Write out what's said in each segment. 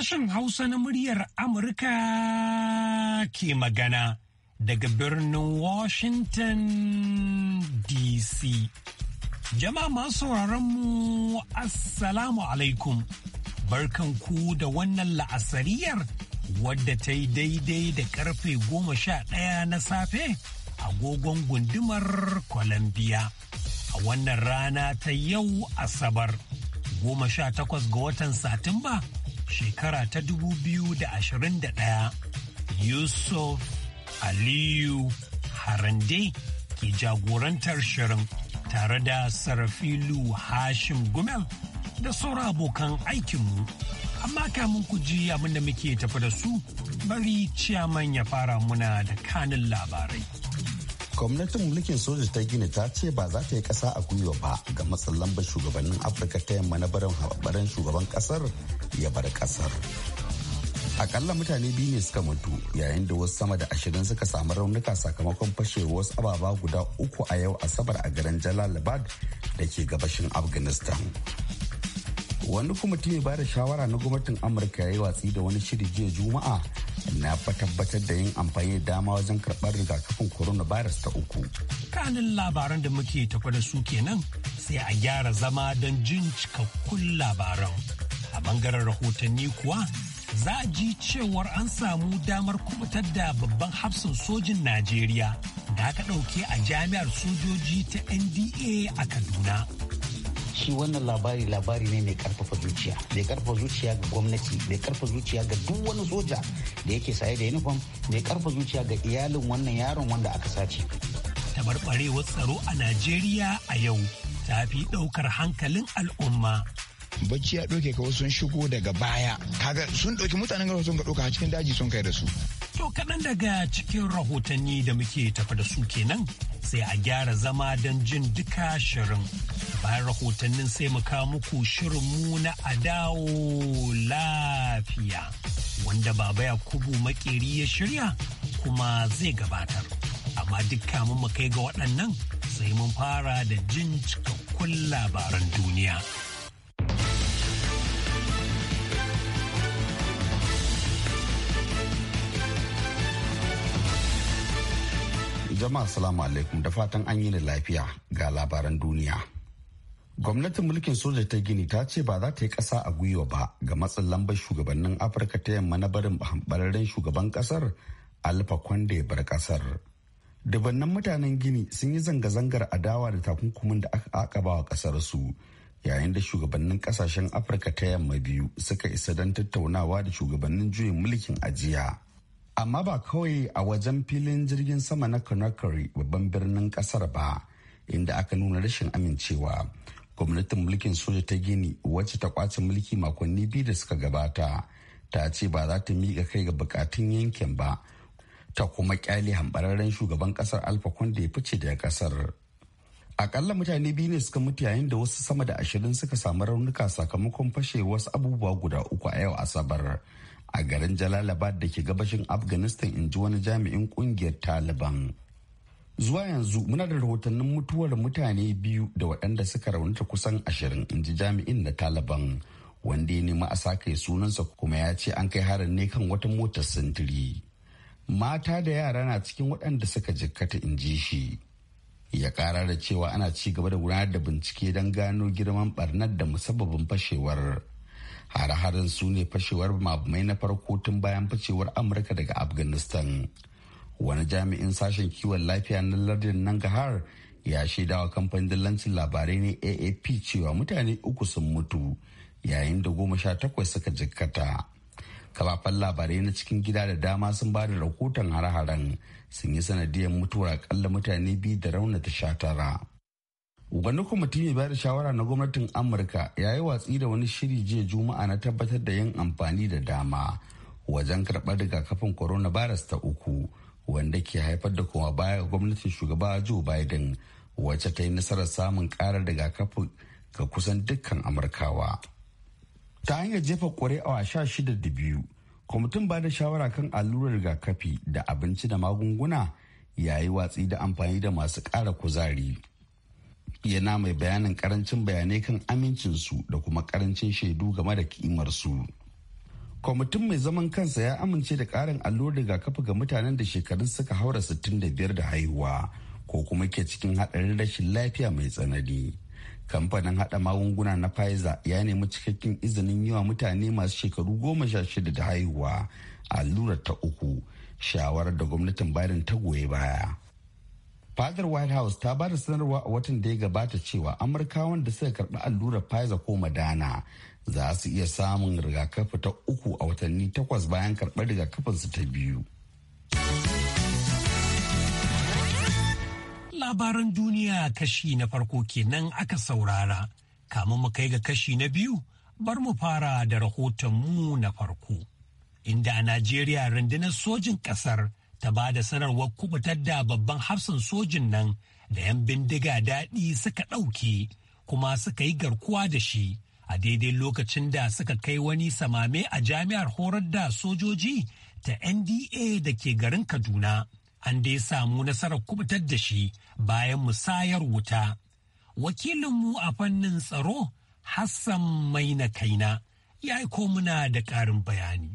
Sashen Hausa na muryar Amurka ke magana daga birnin Washington DC. Jama'a masu mu Assalamu alaikum. Barkan ku da wannan la'asariyar wadda ta yi daidai da karfe goma sha ɗaya na safe agogon gundumar Columbia. A wannan rana ta yau Asabar, goma sha takwas ga watan Satumba. shekara ta 2021 Yusuf Aliyu Harande ke jagorantar shirin tare da Sarafilu Hashim Gumel da sauran abokan aikinmu. Amma kamun ku ji abin da muke tafi da su bari ciyaman ya fara muna da kanin labarai. gwamnatin mulkin soja ta gini ta ce ba za ta yi kasa a gwiwa ba ga matsin lambar shugabannin afirka ta yamma na barin haɓaɓɓaren shugaban kasar ya bar kasar. akalla mutane biyu ne suka mutu yayin da wasu sama da ashirin suka samu raunuka sakamakon fashewar wasu ababa guda uku a yau asabar a garin jalalabad da ke gabashin afghanistan wani kwamiti ya bada shawara na gwamnatin amurka ya yi watsi da wani shiri jiya juma'a na tabbatar da yin amfani da dama wajen karɓar rigakafin coronavirus ta uku kanin labaran da muke tafa da su kenan sai a gyara zama don jin cikakkun labaran a bangaren rahotanni kuwa za a ji cewar an samu damar kubutar da babban hafsin sojin najeriya da aka ɗauke a jami'ar sojoji ta nda a kaduna shi wannan labari labari ne mai karfafa zuciya mai karfafa zuciya ga gwamnati mai karfafa zuciya ga duk wani soja da yake saye da uniform mai karfafa zuciya ga iyalin wannan yaron wanda aka sace tabarbarewar tsaro a najeriya a yau ta fi daukar hankalin al'umma bacci ya doke ka sun shigo daga baya kaga sun doki mutanen garwa sun ga doka a cikin daji sun kai da su to kaɗan daga cikin rahotanni da muke tafa da su kenan sai a gyara zama don jin duka shirin bayan rahotannin sai mu kawo muku shirin mu na adawo lafiya wanda baba ya kubu makeri ya shirya kuma zai gabatar amma duk kamun mu kai ga waɗannan sai mun fara da jin cikakkun labaran duniya jama'a salamu alaikum da fatan an yi da lafiya ga labaran duniya gwamnatin mulkin soja ta gini ta ce ba za ta yi ƙasa a gwiwa ba ga matsin lambar shugabannin afirka ta yamma na barin hambararren shugaban ƙasar alfa kwanda ya bar ƙasar dubannan mutanen gini sun yi zanga-zangar adawa da takunkumin da aka akaba wa ƙasar su yayin da shugabannin ƙasashen afirka ta yamma biyu suka isa don tattaunawa da shugabannin juyin mulkin ajiya amma ba kawai a wajen filin jirgin sama na conakry babban birnin ƙasar ba inda aka nuna rashin amincewa gwamnatin mulkin soja ta gini wacce ta kwace mulki makonni biyu da suka gabata ta ce ba za ta miƙa kai ga bukatun yankin ba ta kuma kyale hambararren shugaban kasar alfa da ya fice daga kasar akalla mutane biyu ne suka mutu yayin da wasu sama da ashirin suka samu raunuka sakamakon fashe wasu abubuwa guda uku a yau asabar a garin jalalabad da ke gabashin afghanistan in ji wani jami'in kungiyar taliban zuwa yanzu muna da rahotannin mutuwar mutane biyu da waɗanda suka raunta kusan ashirin in ji jami'in na taliban wanda ya nemi a sake sunansa kuma ya ce an kai harin ne kan wata motar sintiri mata da yara na cikin waɗanda suka jikkata in ji shi ya ƙara da cewa ana ci gaba da gudanar da bincike don gano girman ɓarnar da musabbabin fashewar hare-haren su ne fashewar mabumai na farko tun bayan fashewar amurka daga afghanistan wani jami'in sashen kiwon lafiya na lardin nangahar ya shaidawa kamfanin dillancin labarai ne aap cewa mutane uku sun mutu yayin da goma sha takwas suka jikkata kafafen labarai na cikin gida da dama sun ba da rahoton hare-haren sun yi sanadiyar mutuwar akalla mutane biyu da raunata sha tara wani kwamiti mai bayar shawara na gwamnatin amurka ya yi watsi da wani shiri jiya juma'a na tabbatar da yin amfani da dama wajen karɓar rigakafin coronavirus ta uku wanda ke haifar da kuma baya gwamnatin shugaba joe biden wacce ta yi nasarar samun karar rigakafi ga kusan dukkan amurkawa ta hanyar jefa ƙuri'a sha shida da biyu kwamitin ba da shawara kan allurar rigakafi da abinci da magunguna ya yi watsi da amfani da masu ƙara kuzari yana mai bayanin karancin bayanai kan amincinsu da kuma ƙarancin shaidu game da kimarsu. su kwamitin mai zaman kansa ya amince da ƙarin allurar rigakafi ga mutanen da shekarun suka haura 65 da haihuwa ko kuma ke cikin haɗarin rashin lafiya mai tsanani kamfanin haɗa magunguna na pfizer ya nemi cikakken izinin yi wa mutane masu shekaru goma sha shida da haihuwa allurar ta uku shawarar da gwamnatin biden ta goyi baya fadar white house ta ba da sanarwa a watan da ya gabata cewa amurkawan da suka karɓi allurar pfizer ko madana za su iya samun rigakafi ta uku a watanni takwas bayan karɓar rigakafinsu ta biyu labaran duniya kashi na farko kenan aka saurara kamun mu kai ga kashi na biyu bar mu fara da rahoton mu na farko inda a najeriya rundunar sojin ƙasar ta ba da sanarwar kubutar da babban hafsan sojin nan da 'yan bindiga daɗi suka ɗauki kuma suka yi garkuwa da shi a daidai lokacin da suka kai wani samame a jami'ar horar da sojoji ta nda da ke garin kaduna an dai samu nasarar kubutar da shi bayan musayar wuta wakilinmu a fannin tsaro hassan mai na kaina ya aiko muna da ƙarin bayani.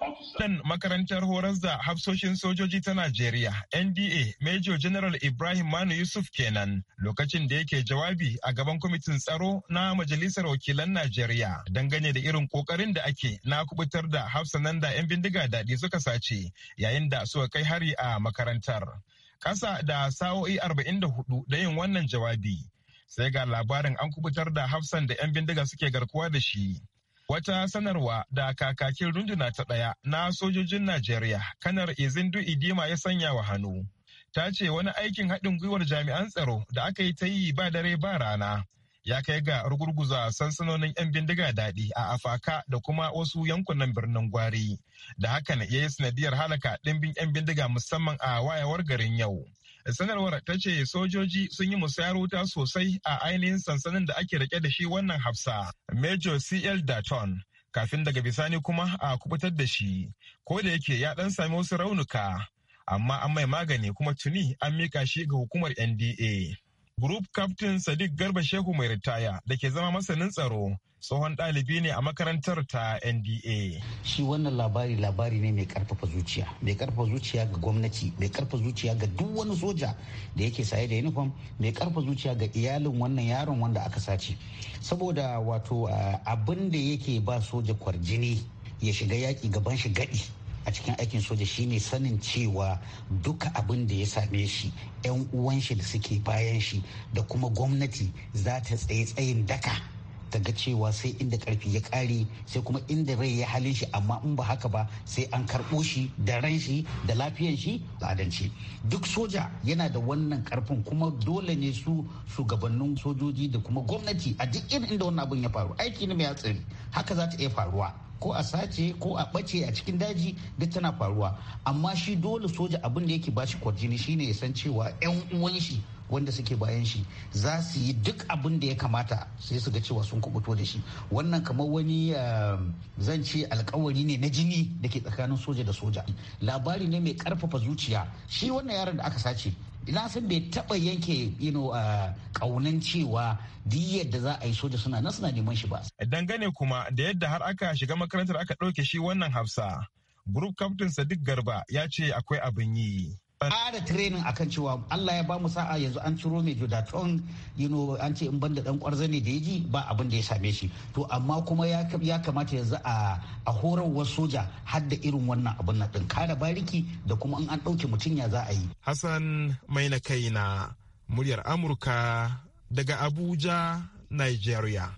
Uh, dan makarantar horar da hafsoshin sojoji ta Najeriya NDA Major General Ibrahim Manu Yusuf kenan lokacin da yake jawabi a gaban kwamitin tsaro na Majalisar Wakilan Najeriya dangane da irin kokarin da ake na kubutar da hafsanan da 'yan bindiga daɗi suka sace yayin da suka kai hari a makarantar. Ƙasa da sa'o'i 44 da yin wannan jawabi. sai ga labarin an kubutar da hafsan da 'yan bindiga suke garkuwa da shi wata sanarwa da kakakin runduna ta ɗaya na sojojin najeriya kanar izindu idima ya sanya wa hannu ta ce wani aikin haɗin gwiwar jami'an tsaro da aka yi ta yi ba dare ba rana ya kai ga rugurguza sansanonin 'yan bindiga daɗi a afaka da kuma wasu yankunan birnin gwari da hakan ya yi sanadiyar halaka ɗimbin 'yan bindiga musamman a wayawar garin yau sanarwar ta ce sojoji sun yi musayar wuta sosai a ainihin sansanin da ake rike da shi wannan hafsa major cl daton kafin daga bisani kuma a kubutar da shi ko da yake ya dan sami wasu raunuka amma an mai magani kuma tuni an mika shi ga hukumar nda group captain sadiq garba shehu mai ritaya da ke zama masanin tsaro tsohon ɗalibi ne a makarantar ta nba. shi wannan labari labari ne mai karfafa zuciya mai karfafa zuciya ga gwamnati mai karfafa zuciya ga duk wani soja da yake saye da uniform mai karfafa zuciya ga iyalin wannan yaron wanda aka sace saboda wato ah, abin da yake ba soja kwarjini ya shiga yaƙi gaban shi gaɗi a cikin aikin soja shine sanin cewa duka abin da ya same shi 'yan uwan shi da suke bayan shi da kuma gwamnati za ta tsaye tsayin daka ta ga cewa sai inda karfi ya kare sai kuma inda rai ya halin shi amma in ba haka ba sai an karbo shi da ran shi da lafiyan shi ladanci duk soja yana da wannan karfin kuma dole ne su shugabannin sojoji da kuma gwamnati a duk irin inda wannan abin ya faru aiki ne mai hatsari haka za ta iya faruwa ko a sace ko a bace a cikin daji duk tana faruwa amma shi dole soja abin da yake bashi kwarjini shine ya san cewa 'yan uwan shi wanda suke bayan shi za su yi duk abin da ya kamata sai su ga cewa sun kubuto da shi wannan kamar wani eh, zan ce alkawari ne na jini da ke tsakanin soja da soja labari ne mai karfafa zuciya shi wannan yaron da aka sace ina san bai taba yanke a kaunan eh, cewa duk da za a yi soja suna nan suna neman shi ba dangane kuma da yadda har aka shiga makarantar aka ɗauke shi wannan hafsa group captain sadiq garba ya ce akwai abin yi da training akan cewa Allah ya ba mu sa'a yanzu an ciro mai jodaton yino an ce in banda dan kwarza ne da ya ji ba abin da ya same shi to amma kuma ya kamata yanzu a a horarwar soja har da irin wannan abin na din kare bariki da kuma in an ɗauke mutum ya za a yi Hassan mai na kai na muryar Amurka daga Abuja Nigeria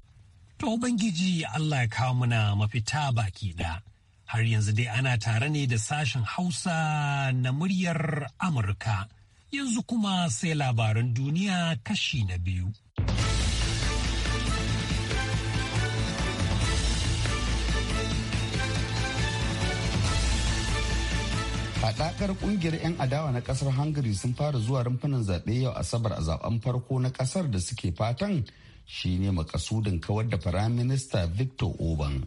to ubangiji Allah ya kawo mana mafita baki da har yanzu dai ana tare ne da sashen hausa na muryar amurka yanzu kuma sai labaran duniya kashi na biyu Haɗakar ƙungiyar 'yan adawa na ƙasar Hungary sun fara zuwa rumfunan zaɓe yau Asabar a zaɓen farko na ƙasar da suke fatan shine makasudin kawar da Firaminista Victor Oban.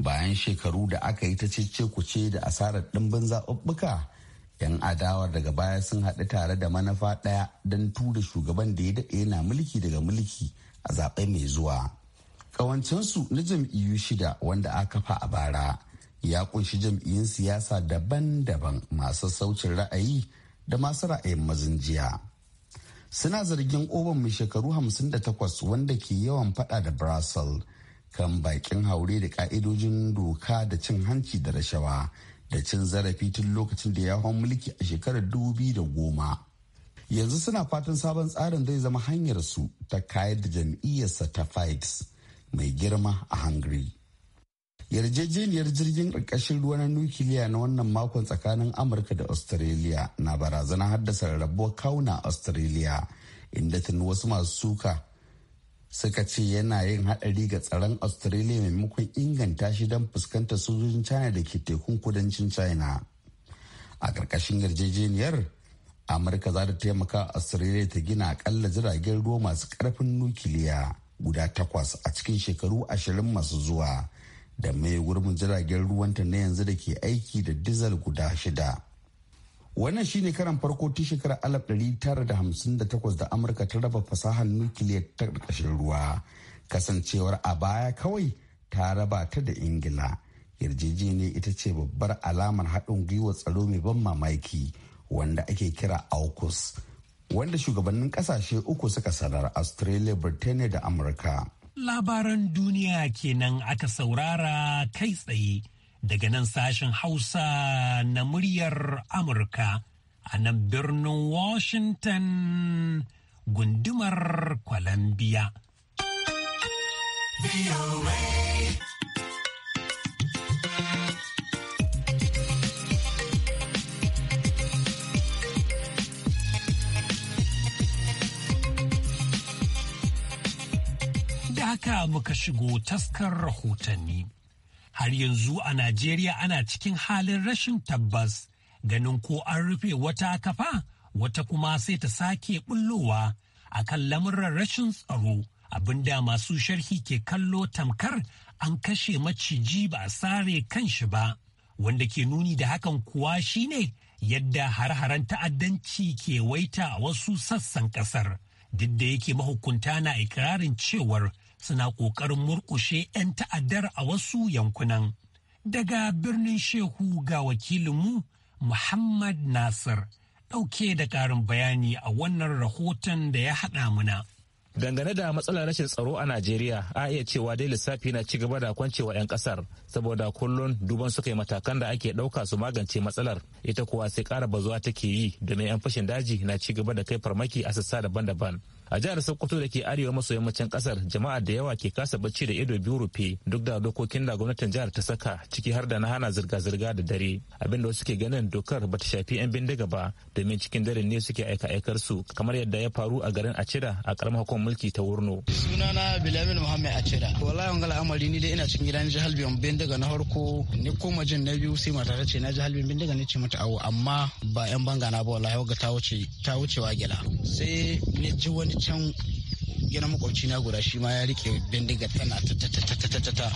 bayan shekaru da aka yi ta cece kuce da asarar ɗimbin zaɓuɓɓuka yan adawar daga baya sun haɗu tare da manufa ɗaya don tura shugaban da ya daɗe yana mulki daga mulki a zaɓe mai zuwa Ƙawancinsu na jam'iyyu shida wanda aka fa a bara ya kunshi jam'iyyun siyasa daban-daban masu saucin ra'ayi da masu ra'ayin mazinjiya suna zargin oban mai shekaru 58 wanda ke yawan fada da brussels kan bakin haure da ka'idojin doka da cin hanci da rashawa da cin zarafi tun lokacin da ya hau mulki a shekarar da goma. yanzu suna fatan sabon tsarin zai zama hanyar su ta kayar da jam'iyyarsa ta fikes mai girma a hungary yarjejeniyar jirgin ƙarƙashin ruwa na nukiliya na wannan makon tsakanin amurka da australia na barazana haddasa rabuwar kawuna australia inda tuni wasu masu suka suka ce yana yin haɗari ga tsaron australia maimakon inganta shi don fuskantar sojojin china da ke tekun kudancin china a ƙarƙashin yarjejeniyar amurka za ta taimaka australia ta gina akalla jiragen ruwa masu ƙarfin nukiliya guda takwas a cikin shekaru ashirin masu zuwa da mai gurbin jiragen ruwanta na yanzu da ke aiki da dizal guda shida Wannan shine karan farko tun shekarar tara da hamsin da da takwas Amurka ta raba fasahar nukiliya ta ƙarƙashin ruwa. Kasancewar a baya kawai ta raba ta da Ingila. yarjejeniya ita ce babbar alamar haɗin gwiwa tsaro mai ban mamaki wanda ake kira AUKUS. Wanda shugabannin ƙasashe uku suka sanar Australia, Birtaniya da Amurka. Labaran duniya kenan aka saurara kai tsaye daga nan sashen Hausa na muryar Amurka a nan birnin Washington gundumar Columbia. Da haka muka shigo taskar rahotanni. har yanzu a Najeriya ana cikin halin rashin tabbas ganin ko an rufe wata kafa wata kuma sai ta sake bullowa a kan lamuran rashin tsaro abinda masu sharhi ke kallo tamkar an kashe maciji ba a sare kan shi ba wanda ke nuni da hakan kuwa shine yadda har-haren ta'addanci ke waita a wasu sassan kasar duk da yake mahukunta na ikirarin cewar suna ƙoƙarin murkushe 'yan ta'addar a wasu yankunan. Daga birnin Shehu ga wakilinmu Muhammad Nasir ɗauke da ƙarin bayani a wannan rahoton da ya haɗa muna. dangane da matsalar rashin tsaro a najeriya a iya cewa dai lissafi na ci gaba da kwancewa 'yan kasar saboda kullum duban suka yi matakan da ake ɗauka su magance matsalar ita kuwa sai ƙara bazuwa take yi domin 'yan fashin daji na ci gaba da kai farmaki a sassa daban-daban a jihar sokoto da ke arewa maso yammacin kasar jama'a da yawa ke kasa bacci da ido biyu rufe duk da dokokin da gwamnatin jihar ta saka ciki har da na hana zirga-zirga da dare abinda wasu ke ganin dokar bata shafi 'yan bindiga ba domin cikin dare ne suke aika-aikar su kamar yadda ya faru a garin acira a karamar hukumar mulki ta wurno sunana bilamin muhammad acira wallahi gala amari ni dai ina cikin gidan jihar biyan bindiga na farko ni koma jin na biyu sai mata ta ce na jihar biyan bindiga ne ce mata awo amma ba 'yan banga na ba wallahi ga ta wuce ta wucewa gila sai ni ji wani can gina makwabci na guda shi ma ya rike bindiga tana ta ta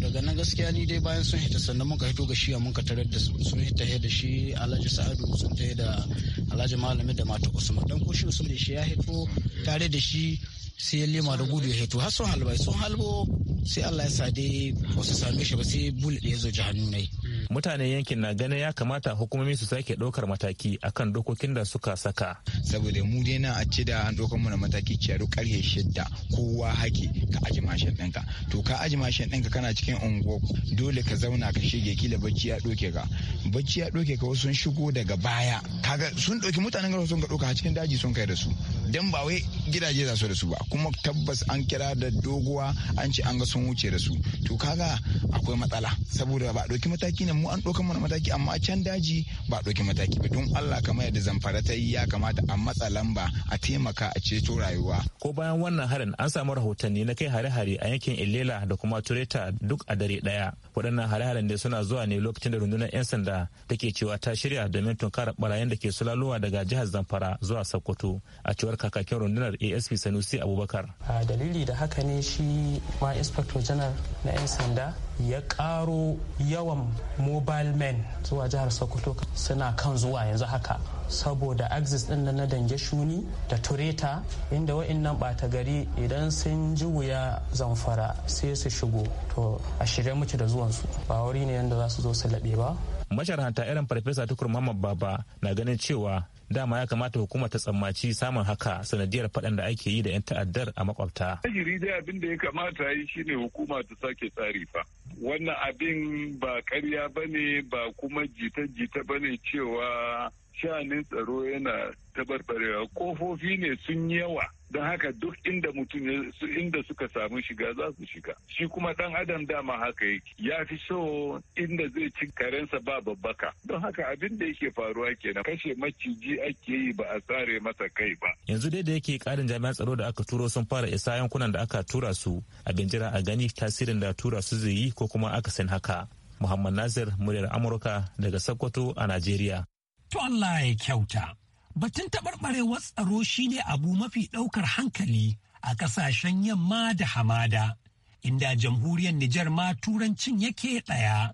daga nan gaskiya ni dai bayan sun hita sannan muka hito ga shiya muka tarar da sun hita da shi alhaji sa'adu sun ta da alhaji malami da mata usman dan koshi usman da shi ya hito tare da shi sai ya lema da gudu ya hito har sun halbai sun halbo sai allah ya sa dai same shi ba sai bul ya zo nai mutanen yankin na ganin ya kamata hukumomi su sake ɗaukar mataki akan dokokin da suka saka saboda mu dai na a ce da an ɗaukar mana mataki kyaru karye shidda kowa haki ka aji mashin ɗinka to ka aji mashin ɗinka kana cikin unguwa dole ka zauna ka shige kila bacci ya ɗoke ka bacci ya ɗoke ka wasu sun shigo daga baya kaga sun ɗauki mutanen garin sun ga ɗauka a cikin daji sun kai da su dan ba wai gidaje za su da su ba kuma tabbas an kira da doguwa an ce an ga sun wuce da su to kaga akwai matsala saboda ba ɗauki mataki na nan mu an ɗaukan mana mataki amma can daji ba ɗauki mataki ba don Allah kamar yadda zamfara ta yi ya kamata a matsa lamba a taimaka a ceto rayuwa. Ko bayan wannan harin an samu rahotanni na kai hare-hare a yankin Ilela da kuma Tureta duk a dare ɗaya. Waɗannan hare-haren ne suna zuwa ne lokacin da rundunar 'yan sanda take cewa ta shirya domin tunkara barayin da ke sulalowa daga jihar Zamfara zuwa Sokoto a cewar kakakin rundunar ASP Sanusi Abubakar. A dalili da haka ne shi ma Inspector General na 'yan sanda ya ƙaro yawan mobile men zuwa jihar sokoto suna kan zuwa yanzu haka saboda axis din na dange shuni da tureta inda wa'annan bata gari idan sun ji wuya zamfara sai su shigo to a shirya muke da zuwan su ba wuri ne yadda za su zo su laɓe ba masharhanta irin farfesa tukur mamman baba na ganin cewa dama ya kamata hukumar ta tsammaci samun haka sanadiyar faɗan da ake yi da 'yan ta'addar a makwabta. Tajiri dai abin da ya kamata yi shine hukuma ta sake tsari fa. Wannan abin ba karya ba ne ba kuma jita-jita ba ne cewa shanin tsaro yana tabarbarewa kofofi ne sun yawa don haka duk inda mutum inda suka samu shiga za su shiga shi kuma dan adam dama haka yake ya fi so inda zai ci karensa ba babbaka don haka abin da yake faruwa kenan kashe maciji ake yi ba a tsare masa kai ba yanzu dai da yake karin jami'an tsaro da aka turo sun fara isa yankunan da aka tura su abin jira a gani tasirin da tura su zai yi ko kuma aka san haka muhammad nasir muryar amurka daga sokoto a najeriya to allah ya kyauta Batun taɓarɓarewar tsaro shine abu mafi ɗaukar hankali a ƙasashen yamma da hamada, inda jamhuriyar Nijar ma turancin yake ɗaya.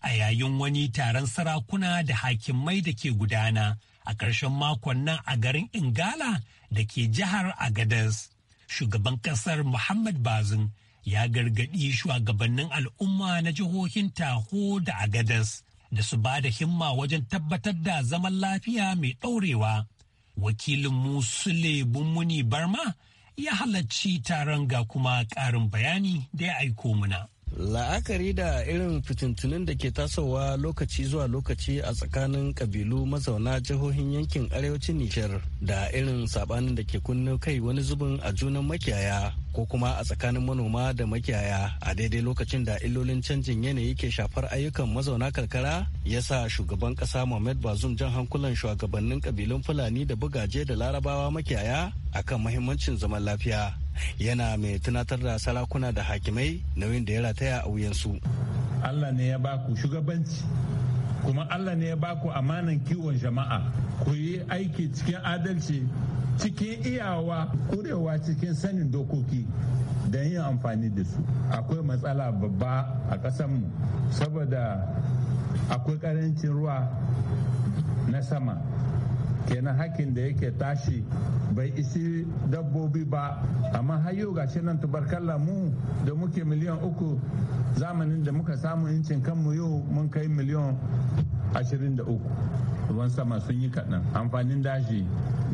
A yayin wani taron sarakuna da hakimai da ke gudana a ƙarshen makon nan a garin Ingala da ke jihar Agadez, shugaban ƙasar Muhammad Bazin ya gargaɗi shugabannin al'umma na jihohin Taho da Agadez da su ba da himma wajen tabbatar da zaman lafiya mai ɗaurewa. Wakilin Musule Bumuni Barma ya halarci taron ga kuma ƙarin bayani da ya aiko muna. la'akari da irin fitintunin da ke tasowa lokaci zuwa lokaci a tsakanin kabilu mazauna jihohin yankin arewacin nijar da irin sabanin da ke kunno kai wani zubin a junan makiyaya ko kuma a tsakanin manoma da makiyaya a daidai lokacin da illolin canjin yanayi ke shafar ayyukan mazauna karkara ya sa shugaban kasa mohamed bazum jan hankulan shugabannin kabilun fulani da bugaje da larabawa makiyaya akan mahimmancin zaman lafiya yana mai tunatar da sarakuna da hakimai nauyin da ya rataya a wuyansu. Allah ne ya baku shugabanci kuma Allah ne ya baku amanan kiwon jama'a ku yi aiki cikin adalci cikin iyawa kurewa cikin sanin dokoki don yin amfani da su akwai matsala babba a ƙasanmu saboda akwai ƙarancin ruwa na sama kenan hakkin da yake tashi bai isi dabbobi ba amma har yau gashi nan tubarkalla mu da muke miliyan uku zamanin da muka samu incin kanmu yau mun kai miliyan ashirin da uku ruwan sama sun yi kaɗan amfanin dashi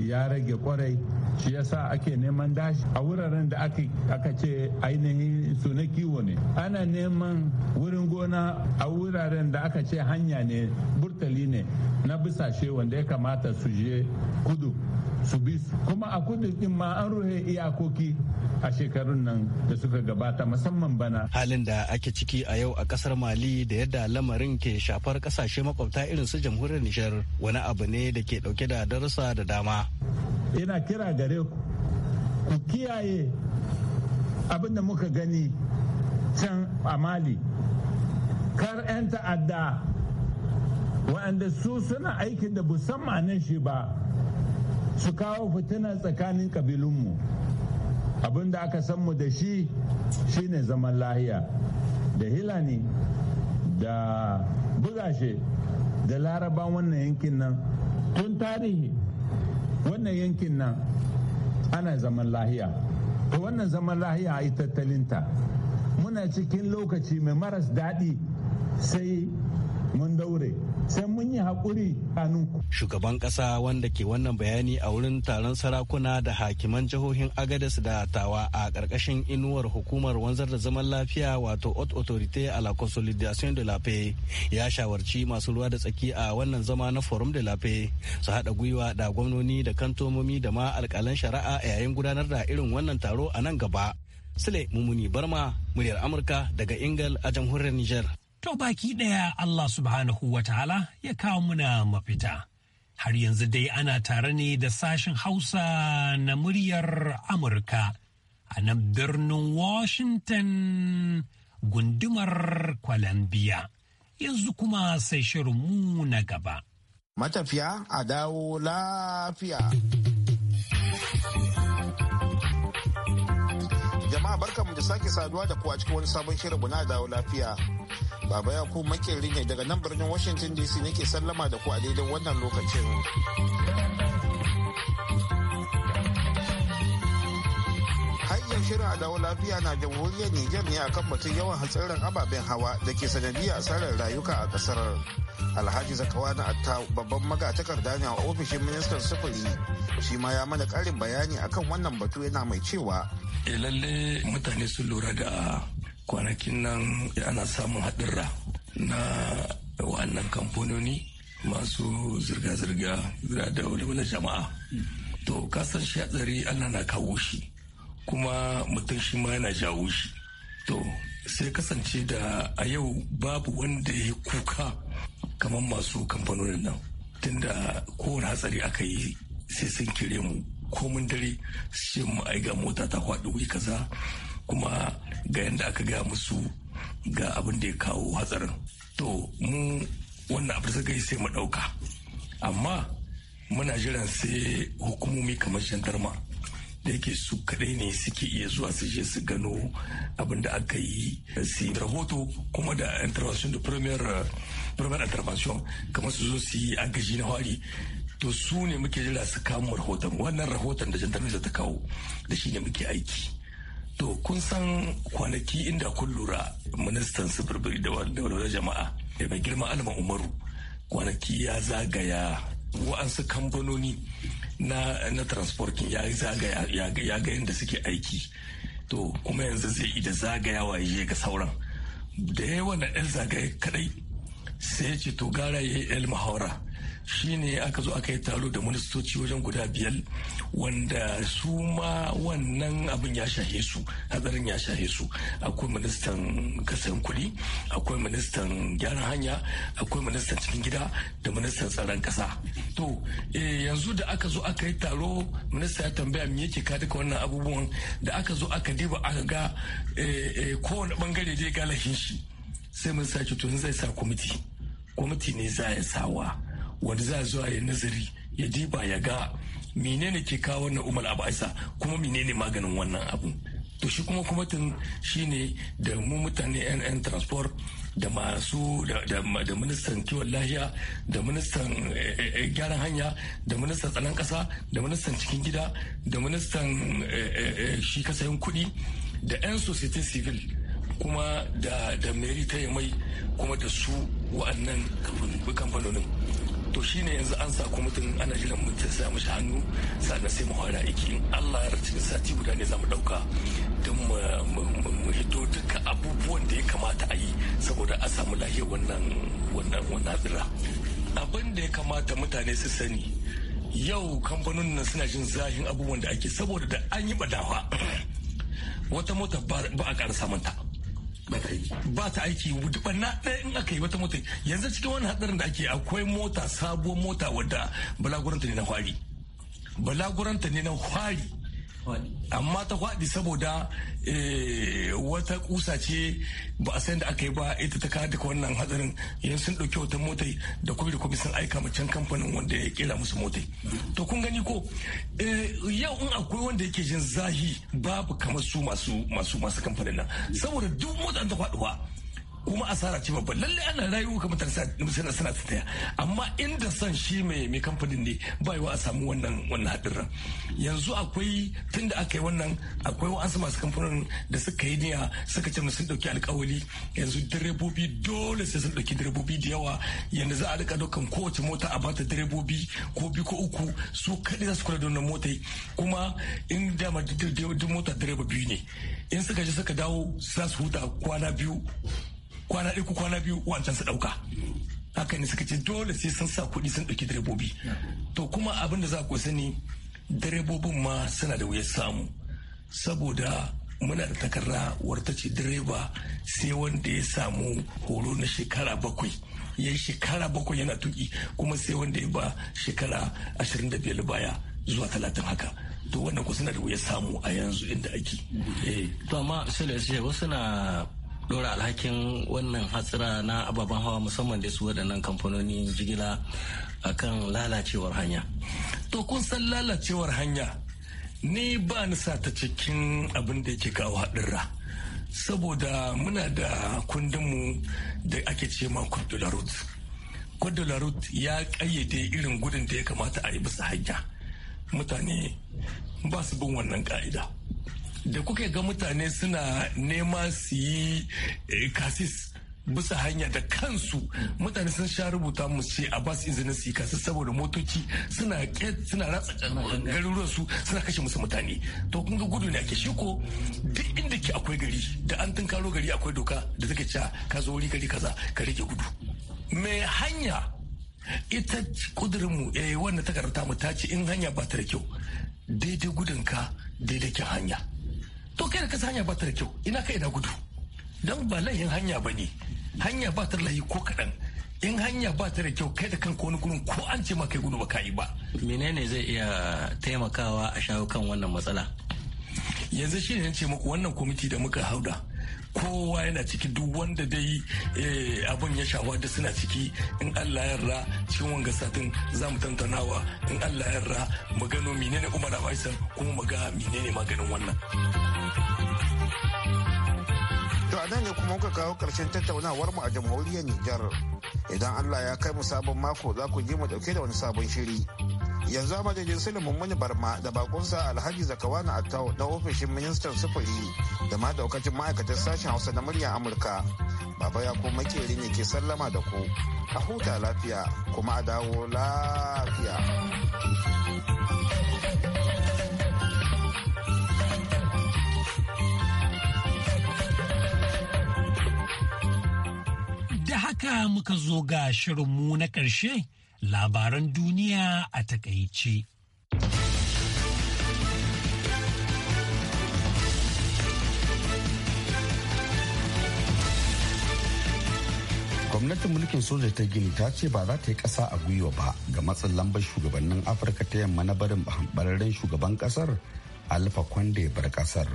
ya rage kwarai shi yasa ake neman dashi a wuraren da aka ce ainihin su na kiwo ne ana neman wurin gona a wuraren da aka ce hanya ne burtali ne na bisashe wanda ya kamata su je kudu su bi kuma a kudu din ma an ruhe iyakoki a shekarun nan da suka gabata musamman bana halin da ake ciki a yau a kasar mali da yadda lamarin ke shafar kasashe makwabta irin su jamhuriyar nijar wani abu ne da ke dauke da darussa da dama ina kira gare ku ku kiyaye abin da muka gani can a mali kar 'yan ta'adda waɗanda su suna aikin da busan ma'anin shi ba su kawo fitina tsakanin kabilunmu abin da aka san mu da shi shine zaman lahiya da hilani da bugashe da laraba wannan yankin nan tun tarihi wannan yankin nan ana zaman lahiya to wannan zaman lahiya a yi tattalinta muna cikin lokaci mai maras daɗi sai mun daure sai mun yi haƙuri hannu. Shugaban ƙasa wanda ke wannan bayani a wurin taron sarakuna da hakiman jihohin Agadez da Tawa a ƙarƙashin inuwar hukumar wanzar da zaman lafiya wato Haute Autorité à la Consolidation de la Paix ya shawarci masu ruwa da tsaki a wannan zama na Forum de la Paix su haɗa gwiwa da gwamnoni da kantomomi da ma alƙalan shari'a a yayin gudanar da irin wannan taro a nan gaba. Sule Mumuni Barma, muryar Amurka daga Ingal a jamhuriyar Nijar. To baki ɗaya Allah subhanahu wa ta'ala ya kawo muna mafita. Har yanzu dai ana tare ne da sashen Hausa na muryar Amurka a nan birnin Washington gundumar Columbia. Yanzu kuma sai shirinmu na gaba. Matafiya a dawo lafiya. jama'a barkamu da sake saduwa da ku a cikin wani sabon shirin na dawo lafiya Baba ya ku ne daga nan birnin Washington DC nake sallama da ku a daidai wannan lokacin. Hanyar shirin adawo lafiya na jamhuriyar Nijar ne akan batun yawan hatsarin ababen hawa da ke sanadiyar asarar rayuka a kasar. alhaji zakawa na atta babban magatakarda ne a ofishin ministan sufuri shi ma ya mana karin bayani akan wannan batu yana mai cewa eh, lalle mutane sun lura da kwanakin nan ana samun haɗurra na wa'annan kamfanoni masu zirga-zirga da wani jama'a to kasan shi hatsari allah na kawo shi kuma mutum shi ma yana jawo shi to sai kasance da a yau babu wanda ya kuka kamar masu kamfanonin nan tunda kowane hatsari aka yi sai sun kire mu komin dare sai mu aiga mota ta kwaɗi wai kaza kuma ga yadda aka gaya musu ga abin da ya kawo hatsarin to mu wannan abu suka yi sai mu ɗauka amma muna jiran sai hukumomi kamar shantarma da yake su kaɗai ne suke iya zuwa su je su gano abin da aka yi su rahoto kuma da intervention da premier premier intervention kamar su zo su yi agaji na hari to su ne muke jira su kamo rahoton wannan rahoton da jantar ta kawo da shi ne muke aiki To kun san kwanaki inda kun lura ministan sufurbiri da walwalar jama'a da mai girma alma umaru kwanaki ya zagaya wa'ansu kamfanoni na, na transportin ya zagaya ya ga yadda suke aiki to kuma yanzu zai yi da zagayawa ya ga sauran da yawa na yan zagaya kadai sai ya ce to gara ya yi el muhawara shine aka zo aka yi taro da ministoci wajen guda biyar wanda su ma wannan abin ya shahe su hatsarin ya shahe su akwai ministan kasan kuɗi akwai ministan gyaran hanya akwai ministan cikin gida da ministan tsaron kasa. to eh, yanzu da aka zo aka yi taro minista ya tambaya me yake ka duka wannan abubuwan da aka zo aka diba aka ga eh, eh, kowane bangare dai galahin shi sai mun sake to zai sa kwamiti kwamiti ne za ya sawa wanda za zuwa ya nazari ya diba ya ga menene ke kawo wannan umar abu aisa kuma menene maganin wannan abu to shi kuma kwamitin shine da mu mutane yan transport da masu da ministan kiwon lahiya da ministan eh, eh, eh, gyaran hanya da ministan tsanan kasa da ministan cikin gida da ministan shi kasayin kudi da 'yan society civil kuma da da meri ta mai kuma da su wa'annan kamfanonin to shi ne yanzu an sa mutum ana jiran mu ta sa mishi hannu sannan sai mu fara aiki in Allah ya cikin sati guda ne zamu dauka don mu hito duka abubuwan da ya kamata a yi saboda a samu lahiyar wannan wannan wannan abin da ya kamata mutane su sani yau kamfanin nan suna jin zahin abubuwan da ake saboda da an yi badawa wata mota ba a ƙara samunta ba ta aiki banna ɗaya in aka yi wata mota yanzu cikin wani hadarin da ake akwai mota sabuwar mota wadda balaguranta ne na hwari balaguranta ne na hwari amma ta faɗi saboda eh, wata kusa ce ba a san da aka yi ba ita ta kada wannan hatsarin yanzu sun ɗauki wata mota da kuma da kuma sun aika ma can kamfanin wanda ya kira musu mota. to kun gani ko eh, yau in akwai wanda yake jin zahi babu kamar su masu masu kamfanin nan saboda duk motar ta faɗuwa kuma asara ce babban lalle ana rayuwa kamar mutane suna taya amma inda son shi mai mai kamfanin ne ba yiwa a samu wannan wannan hadirin yanzu akwai tunda aka yi wannan akwai wa'ansu masu kamfanin da suka yi niya suka ce sun dauki alkawali yanzu direbobi dole sai sun dauki direbobi da yawa yanda za a rika dokan kowace mota a bata direbobi ko bi ko uku su kadai za su kula da wannan motai kuma in dama duk mota direba biyu ne in suka je suka dawo za su huta kwana biyu kwana ɗaya ko kwana biyu wancan su ɗauka haka ne suka ce dole sai sun sa kuɗi sun ɗauki direbobi to kuma abin da za ku sani direbobin ma suna da wuyar samu saboda muna da takarda warta ce direba sai wanda ya samu horo na shekara bakwai ya shekara bakwai yana tuki kuma sai wanda ya ba shekara ashirin da biyar baya zuwa talatin haka to wannan ku suna da wuyar samu a yanzu inda ake. Eh. to amma sai wasu na dora alhakin wannan hatsira na ababen hawa musamman da su waɗannan kamfanonin jigila kan lalacewar hanya to kun san lalacewar hanya ni ba ni sa ta cikin abin da yake kawo haɗurra saboda muna da kundinmu da ake ce ma kwadula route kwadula route ya ƙayyade irin gudun da ya kamata a yi bisa hanya mutane ba su bin wannan ƙa'ida da kuka ga mutane suna nema su yi eh, kasis bisa hanya da kansu mutane sun sha rubuta mu ce a basu izinin su kasu saboda motoci suna suna ratsa garuruwan su suna kashe musu mutane to kun ga gudu ne ake shi ko duk inda ke akwai gari da an tun karo gari akwai doka da take cewa ka zo wuri gari kaza ka rike gudu mai hanya ita kudurin mu eh wannan takarda mu ta ce in hanya ba ta da kyau daidai gudun ka daidai hanya to kai da kasa hanya ba ta da kyau ina kai na gudu don ba layin hanya ba ne hanya ba ta da layi ko kaɗan in hanya ba ta da kyau kai da kanka wani gudun ko an ce ma kai gudu ba ka yi ba. menene zai iya taimakawa a shawo kan wannan matsala. yanzu shi ne ce muku wannan kwamiti da muka hauda kowa yana ciki duk wanda dai eh, abin ya shafa da suna ciki in Allah yarda cikin wanga satin za mu tantanawa in Allah yarda mu gano menene Umar Abaisan kuma mu ga menene maganin wannan. To a nan ne kuma muka kawo karshen tattaunawar mu a jamhuriyar Nijar. Idan Allah ya kai mu sabon mako za ku ji mu dauke da wani sabon shiri. yanzu a madadin sulaiman muni barma da bakunsa alhaji zakawana attau na ofishin ministan sufuri da ma daukacin ma'aikatar sashen hausa na murya amurka baba ya kuma makeri ne ke sallama da ku a huta lafiya kuma a dawo lafiya da haka muka zo ga shirinmu na ƙarshe labaran duniya a takaice. gwamnatin mulkin soja ta gini ta ce ba za ta yi ƙasa a gwiwa ba ga matsin lambar shugabannin afirka ta yamma na barin bararren shugaban kasar alfa kwande ya bar kasar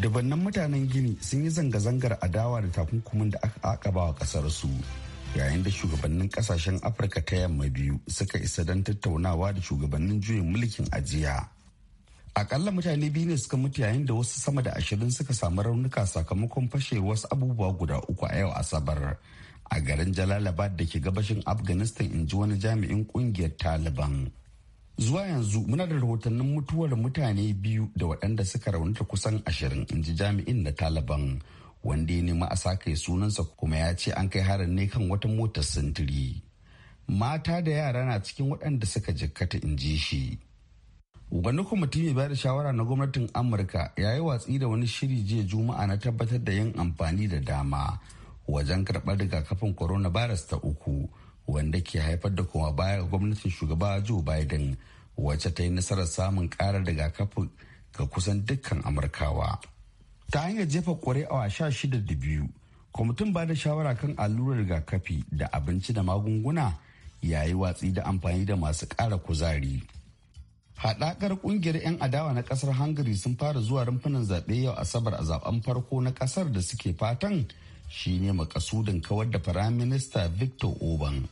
dubannan mutanen gini sun yi zanga-zangar adawa da takunkumin da aka akaba wa kasar su yayin da shugabannin kasashen afirka ta yamma biyu suka isa don tattaunawa da shugabannin juyin mulkin ajiya akalla mutane biyu ne suka mutu yayin da wasu sama da ashirin suka samu raunuka sakamakon fashe wasu abubuwa guda uku a yau asabar a garin jalalabad da ke gabashin afghanistan in ji wani jami'in kungiyar taliban zuwa yanzu muna da rahotannin mutuwar mutane biyu da waɗanda suka raunuka kusan ashirin in ji jami'in na taliban wanda ya nemi a sakai sunansa kuma ya ce an kai harin ne kan wata motar sintiri mata da yara na cikin waɗanda suka jikkata in ji shi wani kwamitin mai bayar shawara na gwamnatin amurka ya yi watsi da wani shiri jiya juma'a na tabbatar da yin amfani da dama wajen karɓar rigakafin coronavirus ta uku wanda ke haifar da kuma baya ga gwamnatin shugaba joe biden wacce ta yi nasarar samun ƙarar rigakafi ga kusan dukkan amurkawa. ta hanyar jefa ƙuri'a sha shida da biyu kwamitin ba da shawara kan allurar rigakafi da abinci da magunguna yayi watsi da amfani da masu ƙara kuzari haɗakar ƙungiyar 'yan adawa na ƙasar hungary sun fara zuwa rumfunan zaɓe yau asabar a zaben farko na ƙasar da suke fatan shine makasudin kawar da firaminista victor oban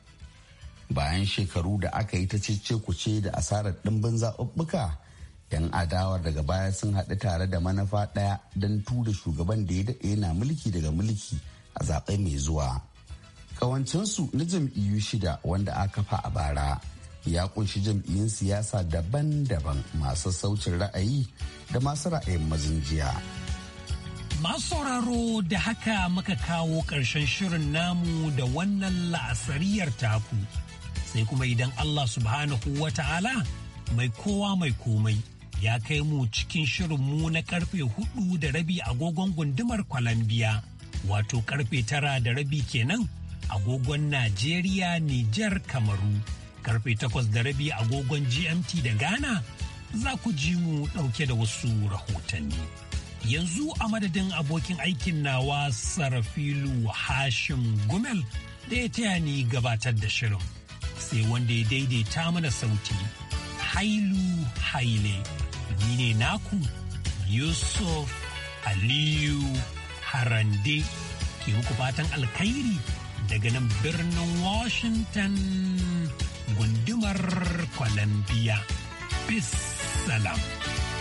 bayan shekaru da aka yi ta cece kuce da asarar ɗimbin zaɓuɓɓuka 'yan adawar daga baya sun haɗu tare da manufa ɗaya don tura shugaban da ya daɗe na mulki daga mulki a zaɓe mai zuwa kawancinsu na jam'iyyu shida wanda aka fa a bara ya ƙunshi jam'iyyun siyasa daban-daban masu saucin ra'ayi da masu ra'ayin mazinjiya masu sauraro da haka muka kawo ƙarshen shirin namu da wannan la'asariyar taku sai kuma idan allah subhanahu wa ta'ala mai kowa mai komai ya kai mu cikin shirin mu na karfe hudu da rabi agogon gundumar kwalambiya wato karfe tara da rabi kenan agogon Najeriya, Nijar, Kamaru, karfe takwas da rabi agogon GMT da Ghana za ku ji mu ɗauke da wasu rahotanni. Yanzu a madadin abokin aikin nawa Sarafilu Hashim Gumel da ya taya ni gabatar da shirin. Sai wanda ya daidaita mana sauti, Hailu Haile. Ni ne naku Yusuf Aliyu Harande ke muku fatan alkhairi daga nan birnin Washington gundumar Columbia. Peace salam.